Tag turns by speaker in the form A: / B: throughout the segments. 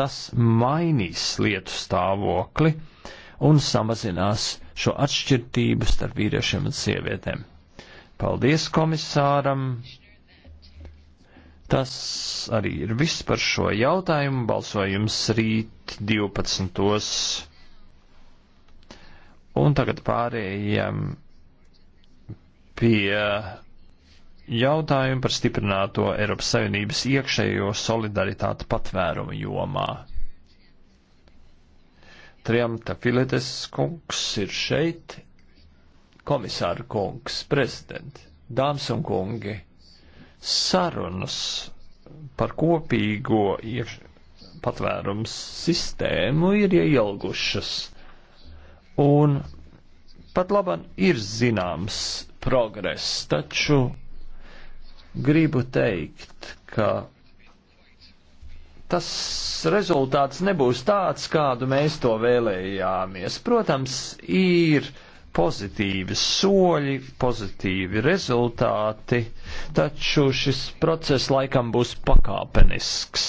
A: Tas mainīs lietu stāvokli un samazinās šo atšķirtību starp vīriešiem un sievietēm. Paldies komisāram! Tas arī ir viss par šo jautājumu. Balsojums rīt 12. Un tagad pārējiem pie jautājumu par stiprināto Eiropas Savienības iekšējo solidaritāti patvērumu jomā. Triamta Filetes kungs ir šeit, komisāra kungs, prezidents, dāmas un kungi, sarunas par kopīgo iekš... patvērums sistēmu ir ieilgušas, un pat labam ir zināms progress, taču gribu teikt, ka tas rezultāts nebūs tāds, kādu mēs to vēlējāmies. Protams, ir pozitīvi soļi, pozitīvi rezultāti, taču šis process laikam būs pakāpenisks.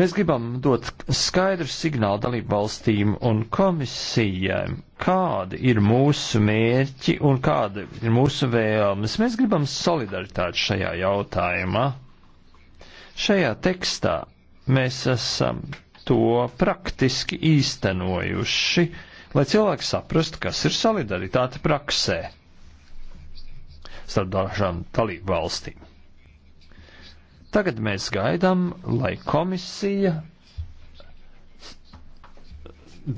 A: Mēs gribam dot skaidru signālu dalību valstīm un komisijām, kādi ir mūsu mērķi un kāda ir mūsu vēlmes. Mēs gribam solidaritāti šajā jautājumā. Šajā tekstā mēs esam to praktiski īstenojuši, lai cilvēki saprastu, kas ir solidaritāte praksē starp dažām dalību valstīm. Tagad mēs gaidām, lai komisija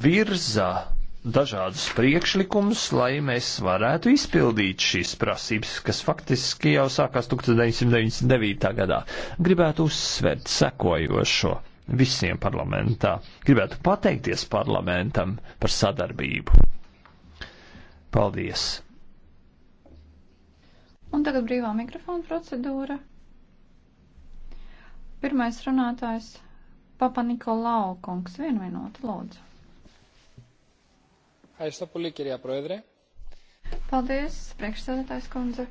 A: virza dažādus priekšlikumus, lai mēs varētu izpildīt šīs prasības, kas faktiski jau sākās 1999. gadā. Gribētu uzsvērt sekojošo visiem parlamentā. Gribētu pateikties parlamentam par sadarbību. Paldies!
B: Un tagad brīvā mikrofona procedūra. Pirmais runātājs Papa Nikolau kungs. Vienu minūti, lūdzu.
C: Aizstapulī, kirjā proedrē.
B: Paldies, priekšsēdētājs kundze.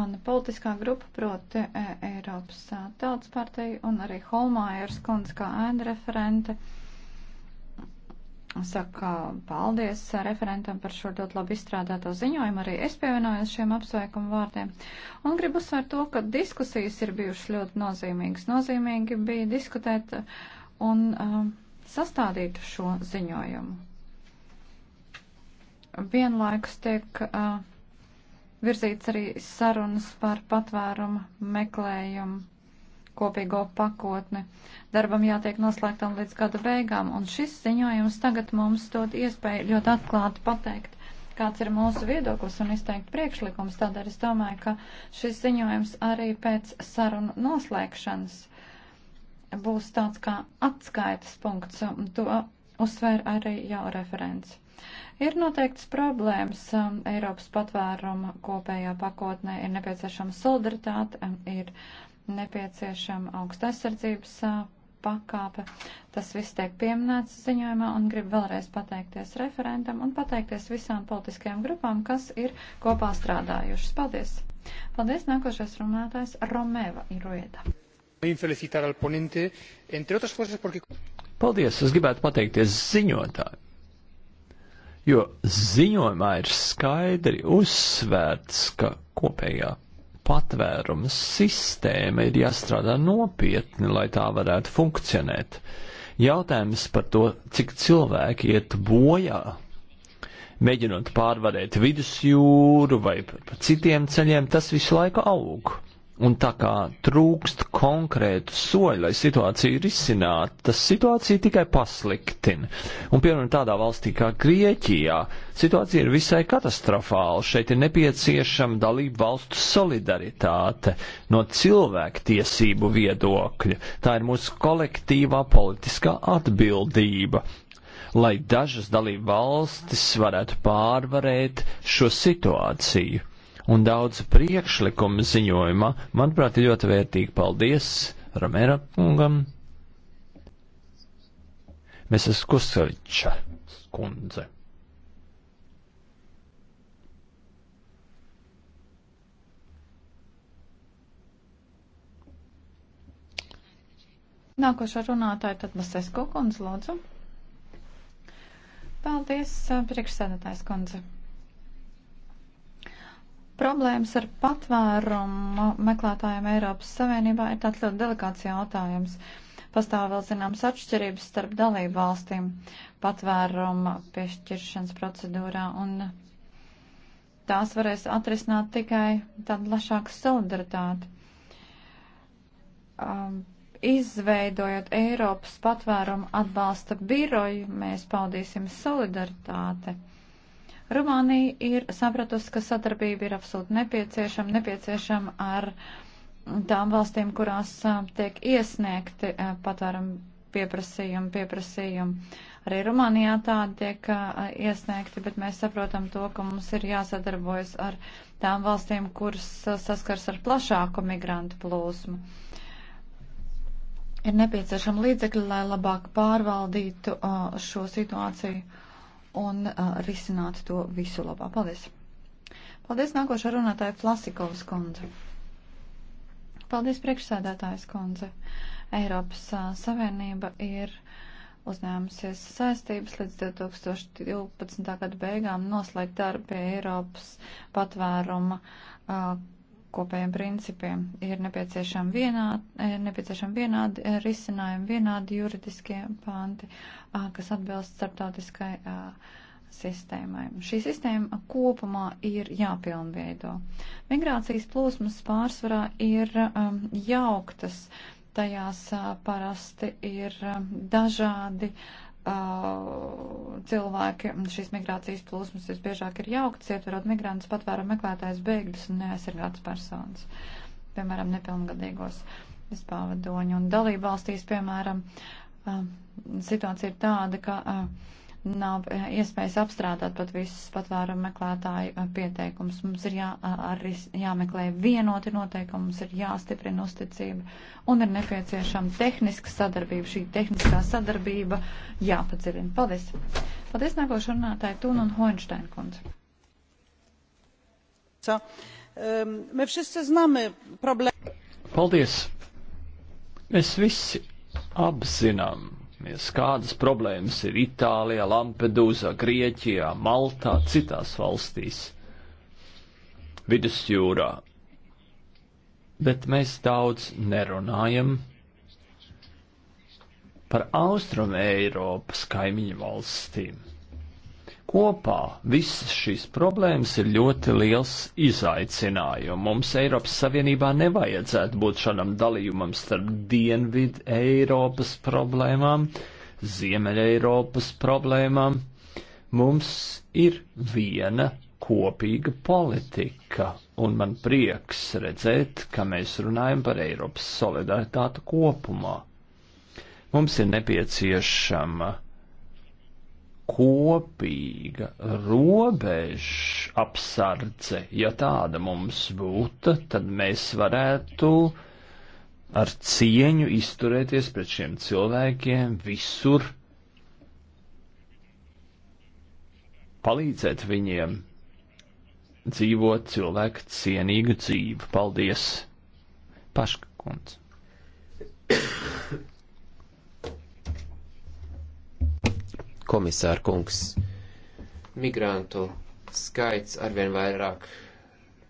B: Mana politiskā grupa proti e, Eiropas tautas partija un arī Holmājers kundze kā ēna referente saka paldies referentam par šo ļoti labi izstrādāto ziņojumu. Arī es pievienojos šiem apsveikumu vārdiem. Un gribu uzsvērt to, ka diskusijas ir bijušas ļoti nozīmīgas. Nozīmīgi bija diskutēt un uh, sastādīt šo ziņojumu. Vienlaikus tiek. Uh, virzīts arī sarunas par patvērumu meklējumu kopīgo pakotni. Darbam jātiek noslēgtam līdz gada beigām, un šis ziņojums tagad mums dod iespēju ļoti atklāti pateikt, kāds ir mūsu viedoklis un izteikt priekšlikums. Tādēļ es domāju, ka šis ziņojums arī pēc sarunu noslēgšanas būs tāds kā atskaites punkts, un to uzsver arī jau referents. Ir noteikts problēmas um, Eiropas patvēruma kopējā pakotnē, ir nepieciešama solidaritāte, um, ir nepieciešama augsta aizsardzības pakāpe. Tas viss tiek pieminēts ziņojumā un gribu vēlreiz pateikties referentam un pateikties visām politiskajām grupām, kas ir kopā strādājušas. Paldies! Paldies! Nākošais runātājs Romeva Irueda.
A: Paldies! Es gribētu pateikties ziņotājiem jo ziņojumā ir skaidri uzsvērts, ka kopējā patvērums sistēma ir jāstrādā nopietni, lai tā varētu funkcionēt. Jautājums par to, cik cilvēki iet bojā, mēģinot pārvarēt vidusjūru vai pa citiem ceļiem, tas visu laiku aug. Un tā kā trūkst konkrētu soļu, lai situāciju risinātu, tas situācija tikai pasliktina. Un, piemēram, tādā valstī kā Grieķijā situācija ir visai katastrofāla. Šeit ir nepieciešama dalību valstu solidaritāte no cilvēktiesību viedokļa. Tā ir mūsu kolektīvā politiskā atbildība lai dažas dalību valstis varētu pārvarēt šo situāciju un daudz priekšlikumu ziņojumā, manuprāt, ir ļoti vērtīgi. Paldies Ramēra kungam. Mēs esam Kusaviča kundze.
B: Nākošā runātāja tad Masesko kundze, lūdzu. Paldies, priekšsēdētājs kundze. Problēmas ar patvērumu meklētājiem Eiropas Savienībā ir tāds ļoti delikāts jautājums. Pastāv vēl zināmas atšķirības starp dalību valstīm patvēruma piešķiršanas procedūrā un tās varēs atrisināt tikai tāda plašāka solidaritāte. Um, izveidojot Eiropas patvērumu atbalsta biroju, mēs paudīsim solidaritāti. Rumānija ir sapratusi, ka sadarbība ir absolūti nepieciešama, nepieciešama ar tām valstīm, kurās tiek iesniegti patvērumu pieprasījumi, pieprasījumi. Arī Rumānijā tādi tiek iesniegti, bet mēs saprotam to, ka mums ir jāsadarbojas ar tām valstīm, kuras saskars ar plašāku migrantu plūsmu. Ir nepieciešama līdzekļi, lai labāk pārvaldītu šo situāciju un uh, risināt to visu labā. Paldies! Paldies nākošā runātāja Flasikovas kundze. Paldies priekšsēdētājas kundze. Eiropas uh, Savienība ir uzņēmusies saistības līdz 2012. gada beigām noslēgt darbu pie Eiropas patvēruma uh, kopējiem principiem. Ir nepieciešama vienāda, e, nepieciešam vienāda e, risinājuma, vienādi juridiskie panti, kas atbilst starptautiskai sistēmai. Šī sistēma kopumā ir jāpilnveido. Migrācijas plūsmas pārsvarā ir jauktas, tajās parasti ir dažādi uh, uh, cilvēki šīs migrācijas plūsmas visbiežāk ir jauktas, ietverot migrantus, patvēru meklētājs bēgļus un neaizsargātas personas, piemēram, nepilngadīgos vispāvadoņu. Un dalību valstīs, piemēram, uh, situācija ir tāda, ka. Uh, nav eh, iespējas apstrādāt pat visus patvērumu meklētāju eh, pieteikumus. Mums ir jā, arī jāmeklē vienoti noteikumi, mums ir jāstiprina uzticība un ir nepieciešama tehniska sadarbība. Šī tehniskā sadarbība jāpadziļina. Paldies! Paldies nākošu runātāju Tūnu un Hoinstein kundzi. Um,
A: Paldies! Mēs visi apzinām Mēs kādas problēmas ir Itālijā, Lampedūzā, Grieķijā, Maltā, citās valstīs, vidusjūrā. Bet mēs daudz nerunājam par Austrum Eiropas kaimiņu valstīm. Kopā visas šīs problēmas ir ļoti liels izaicinājums. Mums Eiropas Savienībā nevajadzētu būt šādam dalījumam starp Dienvidu Eiropas problēmām, Ziemeļa Eiropas problēmām. Mums ir viena kopīga politika, un man prieks redzēt, ka mēs runājam par Eiropas solidaritāti kopumā. Mums ir nepieciešama kopīga robeža apsardze, ja tāda mums būtu, tad mēs varētu ar cieņu izturēties pret šiem cilvēkiem visur, palīdzēt viņiem dzīvot cilvēku cienīgu dzīvi. Paldies, Paškunds!
C: komisāra kungs. Migrantu skaits arvien vairāk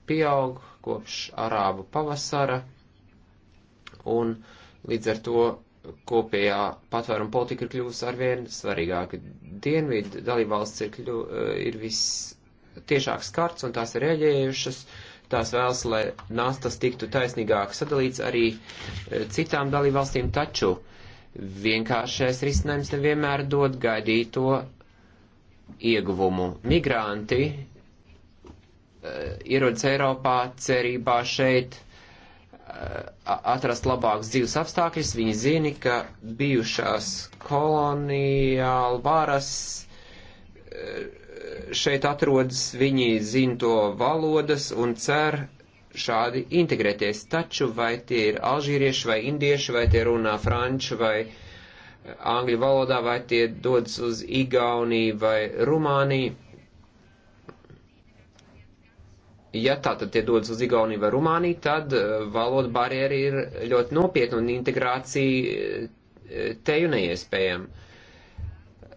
C: pieaug kopš arābu pavasara, un līdz ar to kopējā patvēruma politika ir kļuvusi arvien svarīgāka. Dienvidu dalībvalsts ir, kļu, eh, ir viss tiešāks karts, un tās ir rēģējušas. Tās vēlas, lai nastas tiktu taisnīgāk sadalīts arī eh, citām dalībvalstīm, taču uh, vienkāršais risinājums nevienmēr dod gaidīto ieguvumu. Migranti e, ierodas Eiropā cerībā šeit eh, atrast labākus dzīves apstākļus, viņi zina, ka bijušās koloniāla varas eh, šeit atrodas, viņi zina to valodas un cer šādi integrēties. Taču vai tie ir alžīrieši vai indieši, vai tie runā franču vai eh, angļu valodā, vai tie dodas uz Igauniju vai Rumāniju. Ja tā tad tie dodas uz Igauniju vai Rumāniju, tad eh, valoda barjeri ir ļoti nopietna un integrācija eh, teju neiespējama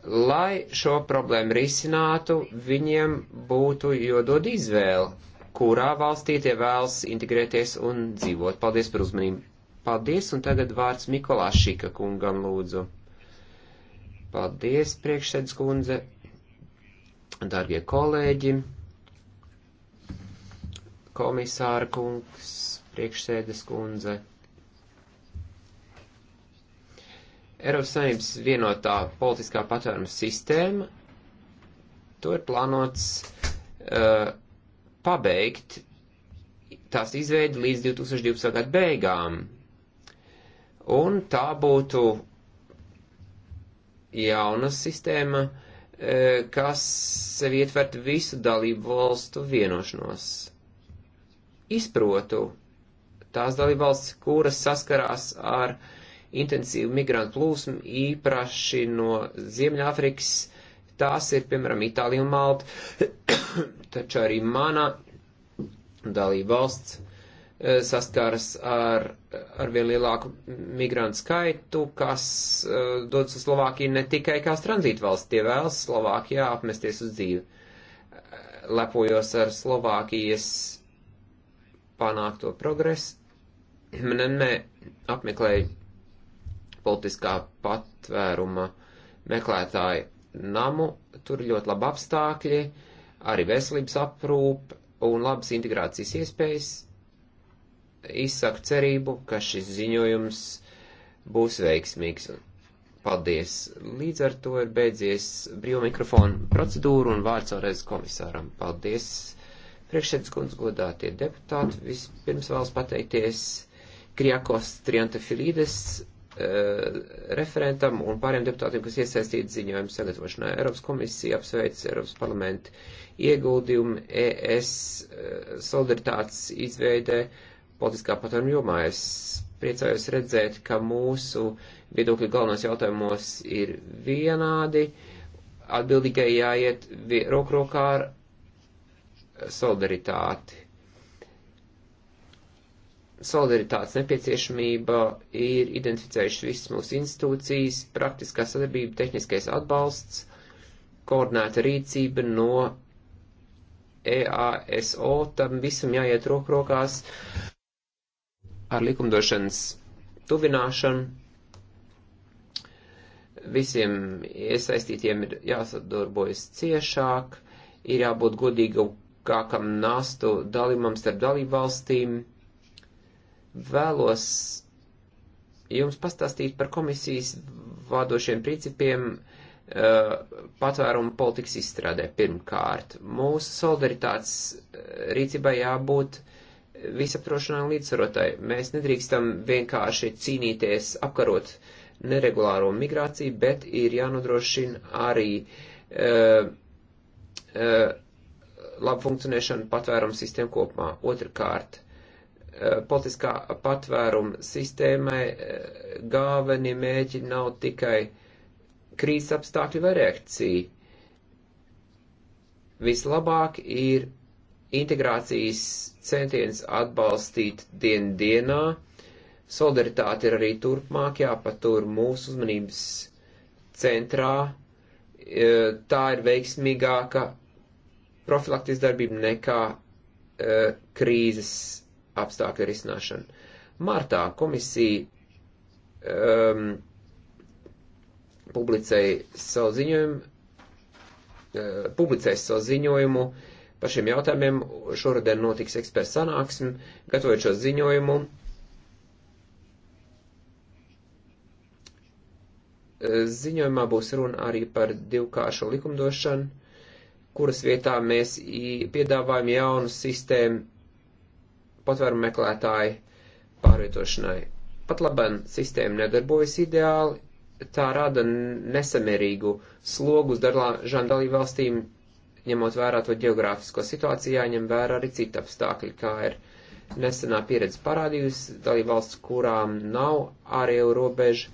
C: lai šo problēmu risinātu, viņiem būtu jodod izvēle kurā valstī tie vēlas integrēties un dzīvot. Paldies par uzmanību. Paldies, un tagad vārds Mikolā Šika kungam lūdzu. Paldies, priekšsēdz kundze, darbie kolēģi, komisāra kungs, priekšsēdes kundze. Eiropas Savienības vienotā politiskā patvēruma sistēma, to ir plānots uh, pabeigt tās izveidi līdz 2012. gadu beigām. Un tā būtu jauna sistēma, e, kas sev ietvert visu dalību valstu vienošanos. Izprotu tās dalību valsts, kuras saskarās ar intensīvu migrantu plūsmu īpaši no Ziemļāfrikas, uh, tās ir, piemēram, Itālija un Malta, taču arī mana dalība valsts eh, saskaras ar, ar vien lielāku migrantu skaitu, kas uh, dodas uz Slovākiju ne tikai kā tranzītvalsts, tie vēlas Slovākijā apmesties uz dzīvi. Eh, lepojos ar Slovākijas panākto progresu. Mnemē apmeklēju politiskā patvēruma meklētāju namu, tur ir ļoti labi apstākļi, arī veselības aprūp un labas integrācijas iespējas. Izsaku cerību, ka šis ziņojums būs veiksmīgs. Paldies! Līdz ar to ir beidzies brīvo mikrofonu procedūru un vārds vēlreiz komisāram. Paldies! Priekšsēdus kundz godātie deputāti, vispirms vēlas pateikties Kriakos Triantafilides Eh, referentam un pāriem deputātiem, kas iesaistīti ziņojumu sagatavošanā. Eiropas komisija apsveic Eiropas parlamentu ieguldījumu ES eh, solidaritātes izveidē politiskā patvēruma jomā. Es priecājos redzēt, ka mūsu viedokļi galvenos jautājumos ir vienādi. Atbildīgai jāiet roku rokā ar solidaritāti solidaritātes nepieciešamība ir identificējušas visas mūsu institūcijas, praktiskā sadarbība, tehniskais atbalsts, koordinēta rīcība no EASO, tam visam jāiet rokrokās ar likumdošanas tuvināšanu. Visiem iesaistītiem ir jāsadarbojas ciešāk, ir jābūt godīgākam nastu dalījumam starp dalību valstīm Vēlos jums pastāstīt par komisijas vādošiem principiem uh, patvērumu politikas izstrādē. Pirmkārt, mūsu solidaritātes eh, rīcībai jābūt visaptrošanai un līdzsvarotai. Mēs nedrīkstam vienkārši cīnīties, apkarot neregulāro migrāciju, bet ir jānodrošina arī uh, uh, labu funkcionēšanu patvērumu sistēmu kopumā. Otrakārt, uh, politiskā patvēruma sistēmai eh, galvenie mēķi nav tikai krīzes apstākļi vai reakcija. Vislabāk ir integrācijas centiens atbalstīt dienu dienā. Solidaritāte ir arī turpmāk jāpatur mūsu uzmanības centrā. E, tā ir veiksmīgāka profilaktiskā darbība nekā e, krīzes apstākļu risināšanu. Martā komisija um, publicēja savu ziņojumu, uh, publicēs savu ziņojumu par šiem jautājumiem. Šoruden notiks eksperts sanāksme, gatavojot šo ziņojumu. Ziņojumā būs runa arī par divkāršu likumdošanu, kuras vietā mēs piedāvājam jaunu sistēmu patvērumu meklētāju pārvietošanai. Pat labam sistēma nedarbojas ideāli, tā rada nesamērīgu slogu uz dažām dalību valstīm, ņemot vērā to geogrāfisko situāciju, jāņem vērā arī citi apstākļi, kā ir nesenā pieredze parādījusi, dalību valsts, kurām nav ārēju robežu,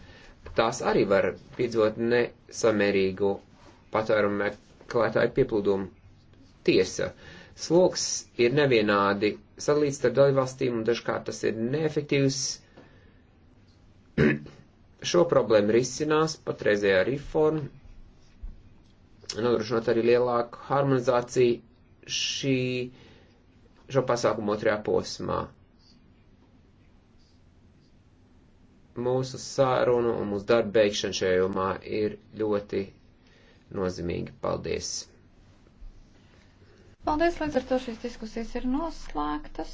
C: tās arī var piedzīvot nesamērīgu patvērumu meklētāju pieplūdumu. Tiesa, uh, sloks ir nevienādi sadalīts starp dalībvalstīm un dažkārt tas ir neefektīvs. Šo problēmu risinās patreizējā reforma, nodrošinot arī lielāku harmonizāciju šī, šo pasākumu otrajā posmā. Mūsu sārunu un mūsu darba beigšana šajā jomā ir ļoti nozīmīga. Paldies!
B: Paldies, līdz ar to šīs diskusijas ir noslēgtas.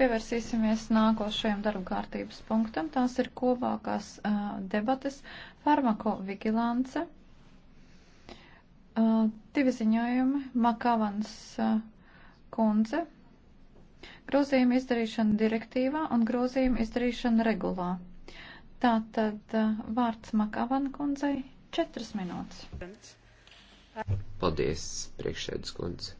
B: Pievērsīsimies nākošajam darba kārtības punktam. Tās ir kopākās uh, debates farmakovigilance. Uh, divi ziņojumi. Makavans uh, kundze. Grozījuma izdarīšana direktīvā un grozījuma izdarīšana regulā. Tātad uh, vārds Makavan kundzei četras minūtes.
C: Paldies, priekšēdas kundze.